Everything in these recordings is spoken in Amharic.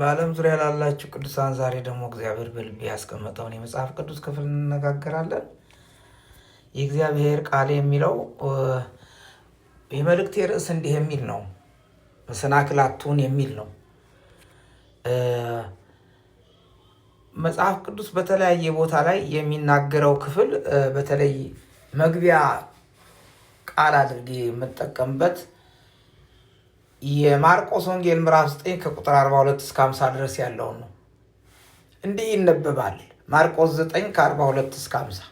በዓለም ዙሪያ ላላችሁ ቅዱሳን ዛሬ ደግሞ እግዚአብሔር በልቤ ያስቀመጠውን የመጽሐፍ ቅዱስ ክፍል እንነጋገራለን። የእግዚአብሔር ቃል የሚለው የመልእክቴ ርዕስ እንዲህ የሚል ነው፣ መሰናክላቱን የሚል ነው። መጽሐፍ ቅዱስ በተለያየ ቦታ ላይ የሚናገረው ክፍል በተለይ መግቢያ ቃል አድርጌ የምጠቀምበት የማርቆስ ወንጌል ምዕራፍ 9 ከቁጥር 42 እስከ 50 ድረስ ያለውን ነው። እንዲህ ይነበባል። ማርቆስ 9 ከ42 እስከ 50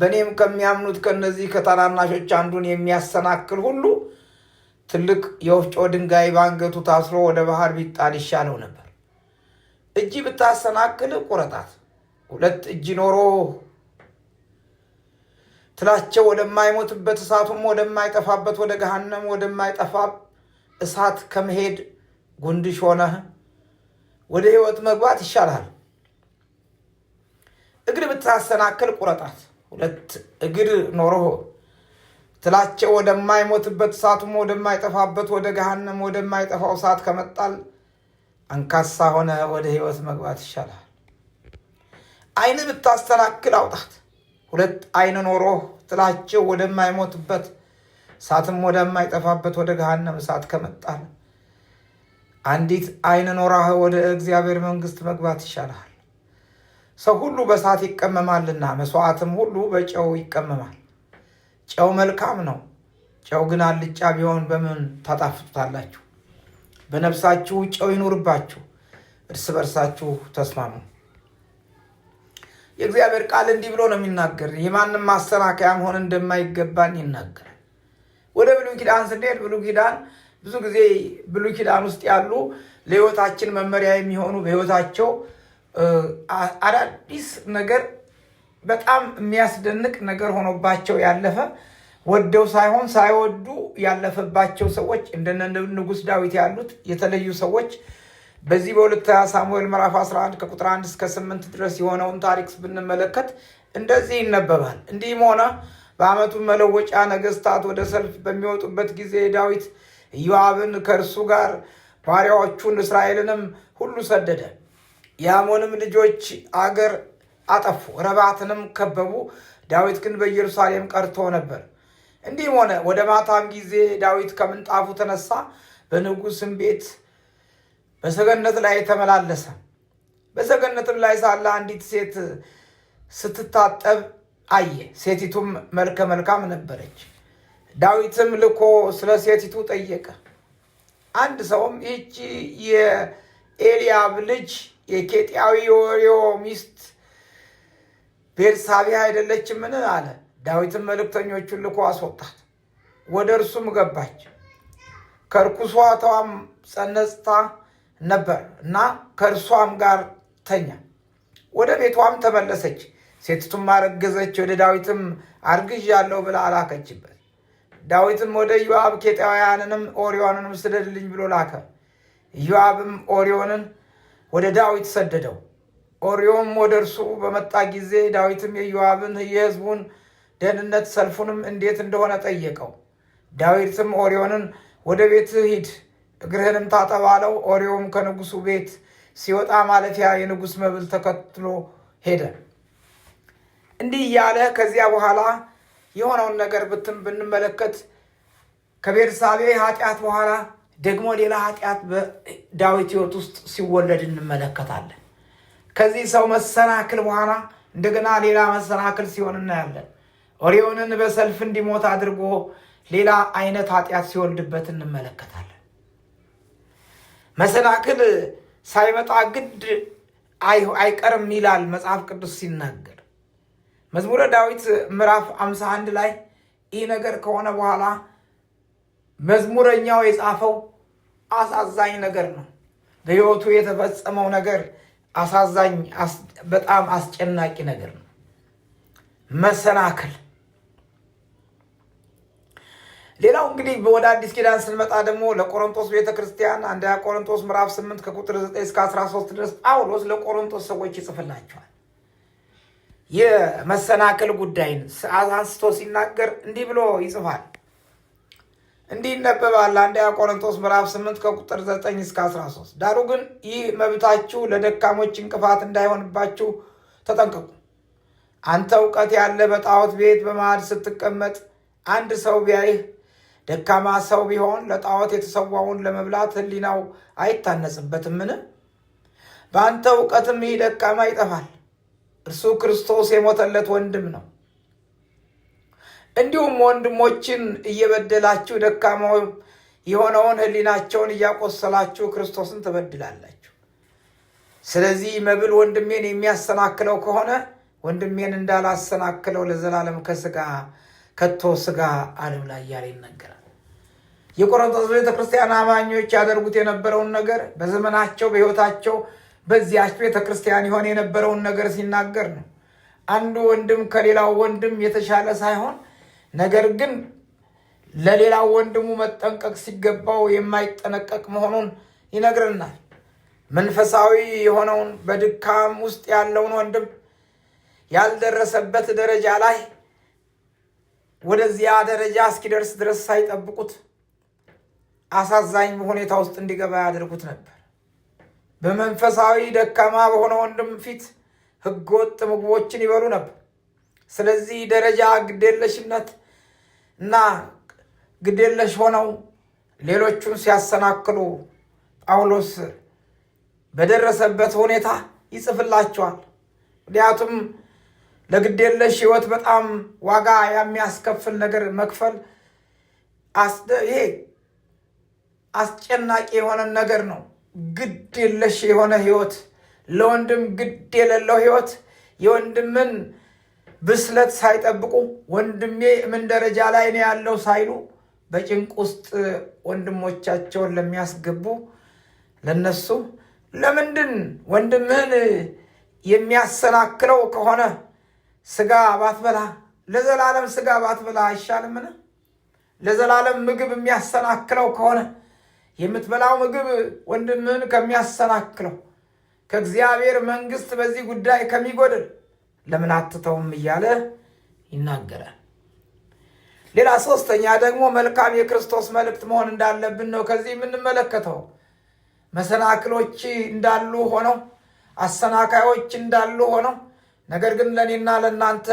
በእኔም ከሚያምኑት ከእነዚህ ከታናናሾች አንዱን የሚያሰናክል ሁሉ ትልቅ የወፍጮ ድንጋይ በአንገቱ ታስሮ ወደ ባህር ቢጣል ይሻለው ነበር። እጅ ብታሰናክል ቁረጣት፣ ሁለት እጅ ኖሮ ትላቸው ወደማይሞትበት እሳቱም ወደማይጠፋበት ወደ ገሃነም ወደማይጠፋ እሳት ከመሄድ ጉንድሽ ሆነህ ወደ ህይወት መግባት ይሻላል። እግር ብታሰናክል ቁረጣት። ሁለት እግር ኖሮህ ትላቸው ወደማይሞትበት እሳቱም ወደማይጠፋበት ወደ ገሃነም ወደማይጠፋው እሳት ከመጣል አንካሳ ሆነ ወደ ህይወት መግባት ይሻላል። አይን ብታስተናክል አውጣት። ሁለት አይን ኖሮህ ትላቸው ወደማይሞትበት እሳትም ወደማይጠፋበት ወደ ገሃነም እሳት ከመጣል አንዲት ዓይን ኖራህ ወደ እግዚአብሔር መንግስት መግባት ይሻልሃል። ሰው ሁሉ በእሳት ይቀመማልና መስዋዕትም ሁሉ በጨው ይቀመማል። ጨው መልካም ነው። ጨው ግን አልጫ ቢሆን በምን ታጣፍጡታላችሁ? በነፍሳችሁ ጨው ይኑርባችሁ፣ እርስ በርሳችሁ ተስማሙ። የእግዚአብሔር ቃል እንዲህ ብሎ ነው የሚናገር የማንም ማሰናከያም ሆነ እንደማይገባን ይናገራል። ብሉይ ኪዳን ስንሄድ ብሉይ ኪዳን ብዙ ጊዜ ብሉይ ኪዳን ውስጥ ያሉ ለህይወታችን መመሪያ የሚሆኑ በህይወታቸው አዳዲስ ነገር በጣም የሚያስደንቅ ነገር ሆኖባቸው ያለፈ ወደው ሳይሆን ሳይወዱ ያለፈባቸው ሰዎች እንደነ ንጉስ ዳዊት ያሉት የተለዩ ሰዎች በዚህ በሁለት ሳሙኤል ምዕራፍ 11 ከቁጥር 1 እስከ 8 ድረስ የሆነውን ታሪክ ብንመለከት እንደዚህ ይነበባል። እንዲህም ሆነ በዓመቱ መለወጫ ነገስታት ወደ ሰልፍ በሚወጡበት ጊዜ ዳዊት ኢዮአብን ከእርሱ ጋር ባሪያዎቹን እስራኤልንም ሁሉ ሰደደ። የአሞንም ልጆች አገር አጠፉ፣ ረባትንም ከበቡ። ዳዊት ግን በኢየሩሳሌም ቀርቶ ነበር። እንዲህም ሆነ ወደ ማታም ጊዜ ዳዊት ከምንጣፉ ተነሳ፣ በንጉሥም ቤት በሰገነት ላይ ተመላለሰ። በሰገነትም ላይ ሳለ አንዲት ሴት ስትታጠብ አየ። ሴቲቱም መልከ መልካም ነበረች። ዳዊትም ልኮ ስለ ሴቲቱ ጠየቀ። አንድ ሰውም ይቺ የኤልያብ ልጅ የኬጢያዊ የወሬዮ ሚስት አይደለች አይደለችምን? አለ። ዳዊትም መልእክተኞቹን ልኮ አስወጣት። ወደ እርሱም ገባች። ከርኩሷቷም ጸነስታ ነበር እና ከእርሷም ጋር ተኛ። ወደ ቤቷም ተመለሰች። ሴቲቱም አረገዘች፣ ወደ ዳዊትም አርግዣለሁ ብላ ላከችበት። ዳዊትም ወደ ኢዮአብ ኬጣውያንንም ኦሪዮንንም ስደድልኝ ብሎ ላከ። ኢዮአብም ኦሪዮንን ወደ ዳዊት ሰደደው። ኦሪዮም ወደ እርሱ በመጣ ጊዜ ዳዊትም የኢዮአብን የሕዝቡን ደህንነት ሰልፉንም እንዴት እንደሆነ ጠየቀው። ዳዊትም ኦሪዮንን ወደ ቤት ሂድ እግርህንም ታጠባለው ኦሪዮም ከንጉሱ ቤት ሲወጣ ማለፊያ የንጉሥ መብል ተከትሎ ሄደ። እንዲህ እያለ ከዚያ በኋላ የሆነውን ነገር ብትም ብንመለከት ከቤርሳቤ ኃጢአት በኋላ ደግሞ ሌላ ኃጢአት በዳዊት ህይወት ውስጥ ሲወለድ እንመለከታለን። ከዚህ ሰው መሰናክል በኋላ እንደገና ሌላ መሰናክል ሲሆን እናያለን። ኦሪዮንን በሰልፍ እንዲሞት አድርጎ ሌላ አይነት ኃጢአት ሲወልድበት እንመለከታለን። መሰናክል ሳይመጣ ግድ አይቀርም ይላል መጽሐፍ ቅዱስ ሲናገር መዝሙረ ዳዊት ምዕራፍ 51 ላይ ይህ ነገር ከሆነ በኋላ መዝሙረኛው የጻፈው አሳዛኝ ነገር ነው። በሕይወቱ የተፈጸመው ነገር አሳዛኝ፣ በጣም አስጨናቂ ነገር ነው። መሰናክል። ሌላው እንግዲህ ወደ አዲስ ኪዳን ስንመጣ ደግሞ ለቆሮንቶስ ቤተ ክርስቲያን አንደኛ ቆሮንቶስ ምዕራፍ 8 ከቁጥር 9 እስከ 13 ድረስ ጳውሎስ ለቆሮንቶስ ሰዎች ይጽፍላቸዋል። የመሰናክል ጉዳይን አንስቶ ሲናገር እንዲህ ብሎ ይጽፋል፣ እንዲህ ይነበባል። አንደኛ ቆሮንቶስ ምዕራፍ 8 ከቁጥር 9 እስከ 13። ዳሩ ግን ይህ መብታችሁ ለደካሞች እንቅፋት እንዳይሆንባችሁ ተጠንቀቁ። አንተ እውቀት ያለ በጣዖት ቤት በማዕድ ስትቀመጥ አንድ ሰው ቢያይህ ደካማ ሰው ቢሆን ለጣዖት የተሰዋውን ለመብላት ሕሊናው አይታነጽበትምን? በአንተ እውቀትም ይህ ደካማ ይጠፋል። እርሱ ክርስቶስ የሞተለት ወንድም ነው። እንዲሁም ወንድሞችን እየበደላችሁ ደካማ የሆነውን ሕሊናቸውን እያቆሰላችሁ ክርስቶስን ትበድላላችሁ። ስለዚህ መብል ወንድሜን የሚያሰናክለው ከሆነ ወንድሜን እንዳላሰናክለው ለዘላለም ከስጋ ከቶ ስጋ ላይ እያለ ይነገራል። የቆሮንቶስ ቤተክርስቲያን አማኞች ያደርጉት የነበረውን ነገር በዘመናቸው በሕይወታቸው በዚያች ቤተ ክርስቲያን የሆነ የነበረውን ነገር ሲናገር ነው። አንዱ ወንድም ከሌላው ወንድም የተሻለ ሳይሆን ነገር ግን ለሌላው ወንድሙ መጠንቀቅ ሲገባው የማይጠነቀቅ መሆኑን ይነግረናል። መንፈሳዊ የሆነውን በድካም ውስጥ ያለውን ወንድም ያልደረሰበት ደረጃ ላይ ወደዚያ ደረጃ እስኪደርስ ድረስ ሳይጠብቁት አሳዛኝ ሁኔታ ውስጥ እንዲገባ ያደርጉት ነበር። በመንፈሳዊ ደካማ በሆነ ወንድም ፊት ህገወጥ ምግቦችን ይበሉ ነበር። ስለዚህ ደረጃ ግዴለሽነት እና ግዴለሽ ሆነው ሌሎቹን ሲያሰናክሉ ጳውሎስ በደረሰበት ሁኔታ ይጽፍላቸዋል። ምክንያቱም ለግዴለሽ ህይወት በጣም ዋጋ የሚያስከፍል ነገር መክፈል ይሄ አስጨናቂ የሆነን ነገር ነው። ግድ የለሽ የሆነ ህይወት፣ ለወንድም ግድ የሌለው ህይወት፣ የወንድምን ብስለት ሳይጠብቁ ወንድሜ ምን ደረጃ ላይ ነው ያለው ሳይሉ በጭንቅ ውስጥ ወንድሞቻቸውን ለሚያስገቡ ለነሱ ለምንድን ወንድምህን የሚያሰናክለው ከሆነ ስጋ ባትበላ ለዘላለም ስጋ ባትበላ አይሻልምን? ለዘላለም ምግብ የሚያሰናክለው ከሆነ የምትበላው ምግብ ወንድምህን ከሚያሰናክለው ከእግዚአብሔር መንግስት በዚህ ጉዳይ ከሚጎድል ለምን አትተውም እያለ ይናገራል። ሌላ ሶስተኛ ደግሞ መልካም የክርስቶስ መልእክት መሆን እንዳለብን ነው ከዚህ የምንመለከተው። መሰናክሎች እንዳሉ ሆነው አሰናካዮች እንዳሉ ሆነው ነገር ግን ለእኔና ለእናንተ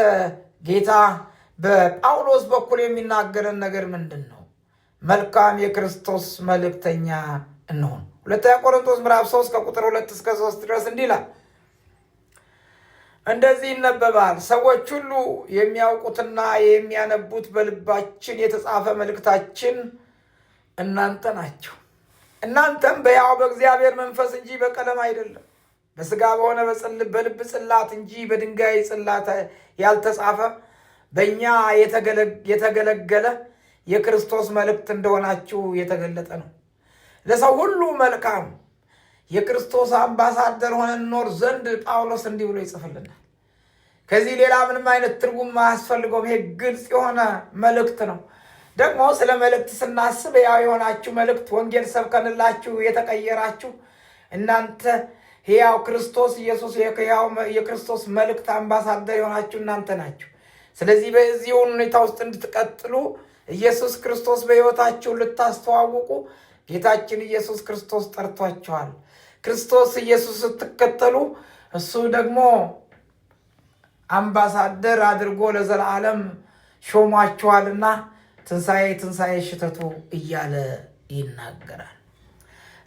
ጌታ በጳውሎስ በኩል የሚናገረን ነገር ምንድን ነው? መልካም የክርስቶስ መልእክተኛ እንሆን። ሁለተኛ ቆሮንቶስ ምዕራፍ 3 ከቁጥር 2 እስከ 3 ድረስ እንዲህ ይላል። እንደዚህ ይነበባል። ሰዎች ሁሉ የሚያውቁትና የሚያነቡት በልባችን የተጻፈ መልእክታችን እናንተ ናቸው። እናንተም በያው በእግዚአብሔር መንፈስ እንጂ በቀለም አይደለም፣ በስጋ በሆነ በልብ ጽላት እንጂ በድንጋይ ጽላት ያልተጻፈ በእኛ የተገለገለ የክርስቶስ መልእክት እንደሆናችሁ የተገለጠ ነው። ለሰው ሁሉ መልካም የክርስቶስ አምባሳደር ሆነን ኖር ዘንድ ጳውሎስ እንዲህ ብሎ ይጽፍልናል። ከዚህ ሌላ ምንም አይነት ትርጉም አያስፈልገውም። ይሄ ግልጽ የሆነ መልእክት ነው። ደግሞ ስለ መልእክት ስናስብ ያው የሆናችሁ መልእክት ወንጌል ሰብከንላችሁ የተቀየራችሁ እናንተ ሕያው ክርስቶስ ኢየሱስ የክርስቶስ መልእክት አምባሳደር የሆናችሁ እናንተ ናችሁ። ስለዚህ በዚህ ሁኔታ ውስጥ እንድትቀጥሉ ኢየሱስ ክርስቶስ በሕይወታችሁ ልታስተዋውቁ ጌታችን ኢየሱስ ክርስቶስ ጠርቷችኋል። ክርስቶስ ኢየሱስ ስትከተሉ እሱ ደግሞ አምባሳደር አድርጎ ለዘላለም ሾሟችኋልና ትንሣኤ ትንሣኤ ሽተቱ እያለ ይናገራል።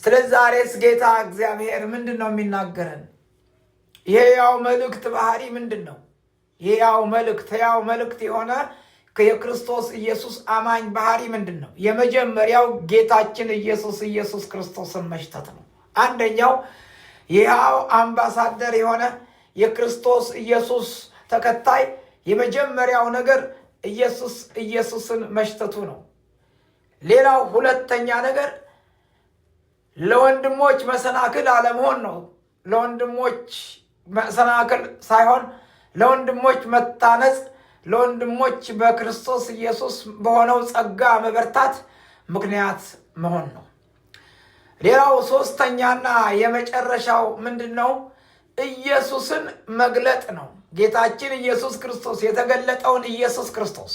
ስለዚህ ዛሬስ ጌታ እግዚአብሔር ምንድን ነው የሚናገረን? ይሄ ያው መልእክት ባህሪ ምንድን ነው? ይሄ ያው መልእክት ያው መልእክት የሆነ የክርስቶስ ኢየሱስ አማኝ ባህሪ ምንድን ነው? የመጀመሪያው ጌታችን ኢየሱስ ኢየሱስ ክርስቶስን መሽተት ነው። አንደኛው ይኸው አምባሳደር የሆነ የክርስቶስ ኢየሱስ ተከታይ የመጀመሪያው ነገር ኢየሱስ ኢየሱስን መሽተቱ ነው። ሌላው ሁለተኛ ነገር ለወንድሞች መሰናክል አለመሆን ነው። ለወንድሞች መሰናክል ሳይሆን ለወንድሞች መታነጽ ለወንድሞች በክርስቶስ ኢየሱስ በሆነው ጸጋ መበርታት ምክንያት መሆን ነው። ሌላው ሶስተኛና የመጨረሻው ምንድን ነው? ኢየሱስን መግለጥ ነው። ጌታችን ኢየሱስ ክርስቶስ የተገለጠውን ኢየሱስ ክርስቶስ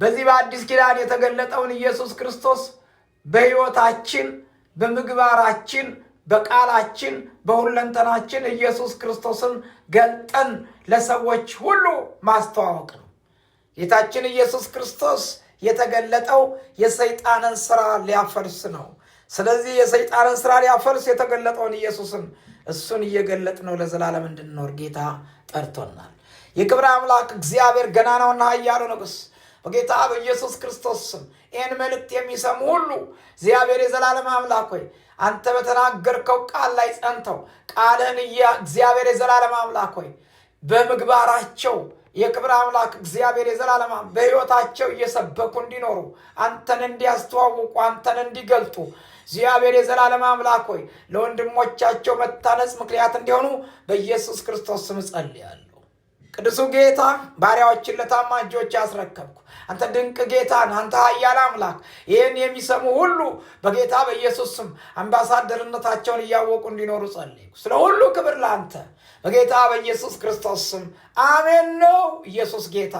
በዚህ በአዲስ ኪዳን የተገለጠውን ኢየሱስ ክርስቶስ በሕይወታችን፣ በምግባራችን፣ በቃላችን፣ በሁለንተናችን ኢየሱስ ክርስቶስን ገልጠን ለሰዎች ሁሉ ማስተዋወቅ ነው። ጌታችን ኢየሱስ ክርስቶስ የተገለጠው የሰይጣንን ስራ ሊያፈርስ ነው። ስለዚህ የሰይጣንን ስራ ሊያፈርስ የተገለጠውን ኢየሱስን እሱን እየገለጥ ነው ለዘላለም እንድንኖር ጌታ ጠርቶናል። የክብር አምላክ እግዚአብሔር ገናናውና ኃያሉ ንጉሥ በጌታ በኢየሱስ ክርስቶስ ስም ይህን መልእክት የሚሰሙ ሁሉ እግዚአብሔር የዘላለም አምላክ ሆይ አንተ በተናገርከው ቃል ላይ ጸንተው ቃልህን እግዚአብሔር የዘላለም አምላክ ሆይ በምግባራቸው የክብር አምላክ እግዚአብሔር የዘላለም በሕይወታቸው እየሰበኩ እንዲኖሩ አንተን እንዲያስተዋውቁ አንተን እንዲገልጡ እግዚአብሔር የዘላለም አምላክ ሆይ ለወንድሞቻቸው መታነጽ ምክንያት እንዲሆኑ በኢየሱስ ክርስቶስ ስም ጸልያለሁ። ቅዱሱ ጌታ ባሪያዎችን ለታማጆች እጆች ያስረከብኩ አንተ ድንቅ ጌታን አንተ ኃያል አምላክ ይህን የሚሰሙ ሁሉ በጌታ በኢየሱስ ስም አምባሳደርነታቸውን እያወቁ እንዲኖሩ ጸልይ። ስለ ሁሉ ክብር ለአንተ በጌታ በኢየሱስ ክርስቶስ ስም አሜን ነው። ኢየሱስ ጌታ